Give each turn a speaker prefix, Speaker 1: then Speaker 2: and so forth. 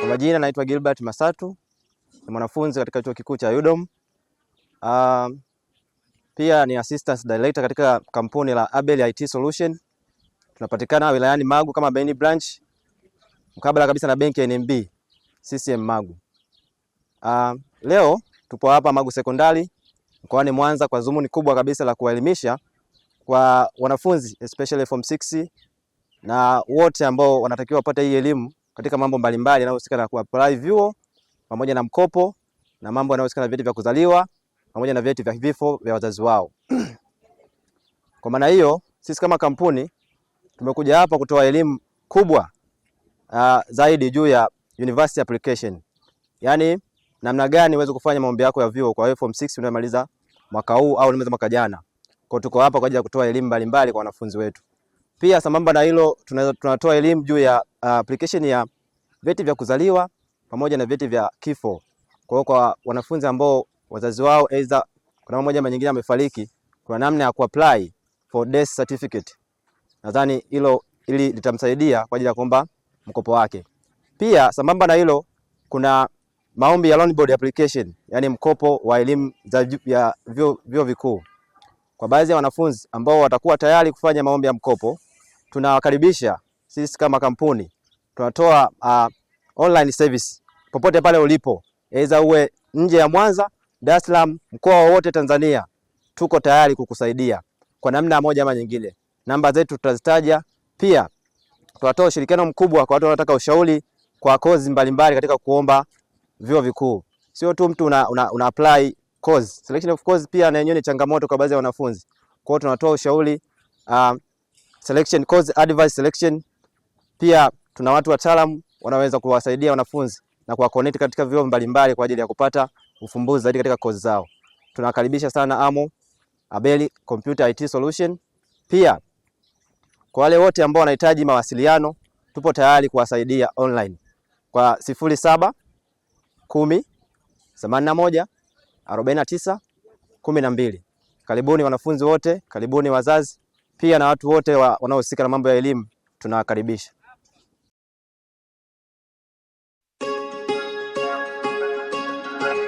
Speaker 1: Kwa majina naitwa Gilbert Masatu, ni mwanafunzi katika chuo kikuu cha UDOM. Uh, um, pia ni assistant director katika kampuni la Abel IT Solution. Tunapatikana wilayani Magu kama Beni branch, mkabala kabisa na benki ya NMB CCM Magu. Uh, leo tupo hapa Magu sekondari mkoani Mwanza kwa dhumuni kubwa kabisa la kuwaelimisha kwa wanafunzi especially form 6 na wote ambao wanatakiwa wapate hii elimu katika mambo mbalimbali yanayohusika na kuapply vyuo pamoja na mkopo na mambo yanayohusika na vyeti vya kuzaliwa pamoja na vyeti vya vifo vya wazazi wao. Kwa maana hiyo, sisi kama kampuni tumekuja hapa kutoa elimu kubwa uh, zaidi juu ya university application. Yaani namna gani uweze kufanya maombi yako ya vyuo kwa form 6 unayomaliza mwaka huu au unamaliza mwaka jana. Kwa tuko hapa kwa ajili ya kutoa elimu mbalimbali kwa wanafunzi wetu. Pia sambamba na hilo, tunatoa elimu juu ya uh, application ya vyeti vya kuzaliwa pamoja na vyeti vya kifo. Kwa hiyo kwa wanafunzi ambao wazazi wao aidha kuna mmoja moja ama nyingine amefariki, kuna namna ya kuapply for death certificate. Nadhani hilo ili litamsaidia kwa ajili ya kuomba mkopo wake. Pia sambamba na hilo, kuna maombi ya loan board application, yani mkopo wa elimu za ya vyuo vikuu kwa baadhi ya wanafunzi ambao watakuwa tayari kufanya maombi ya mkopo tunawakaribisha sisi kama kampuni tunatoa uh, online service popote pale ulipo, aidha uwe nje ya Mwanza, Dar es Salaam, mkoa wowote Tanzania, tuko tayari kukusaidia kwa namna moja ama nyingine. Namba zetu tutazitaja pia. Tunatoa ushirikiano mkubwa kwa watu wanaotaka ushauri kwa kozi mbalimbali katika kuomba vyuo vikuu. Sio tu mtu una, una, una apply course. Selection of course pia na yenyewe ni changamoto kwa baadhi ya wanafunzi. Kwa hiyo tunatoa ushauri uh, selection course advice selection. Pia tuna watu wataalamu wanaweza kuwasaidia wanafunzi na kuwa connect katika vyuo mbalimbali kwa ajili ya kupata ufumbuzi zaidi katika course zao. Tunakaribisha sana AMO Abeli Computer IT Solution. Pia kwa wale wote ambao wanahitaji mawasiliano tupo tayari kuwasaidia online kwa sifuri saba kumi themanini na moja arobaini na tisa kumi na mbili. Karibuni wanafunzi wote, karibuni wazazi pia na watu wote wanaohusika na mambo ya elimu tunawakaribisha.